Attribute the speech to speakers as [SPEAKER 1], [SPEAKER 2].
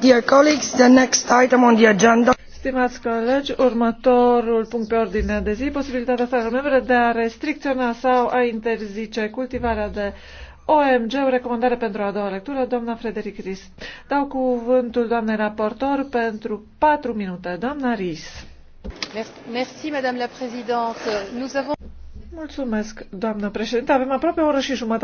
[SPEAKER 1] Dear
[SPEAKER 2] Stimați colegi, următorul punct pe ordine de zi, posibilitatea statelor membre de a restricționa sau a interzice cultivarea de OMG, o recomandare pentru a doua lectură, doamna Frederic Ris. Dau cuvântul doamnei raportor pentru patru minute. Doamna Ris.
[SPEAKER 3] Merci, Madame la Présidente. Nous avons...
[SPEAKER 4] Mulțumesc,
[SPEAKER 5] doamnă președinte. Avem aproape o oră și jumătate.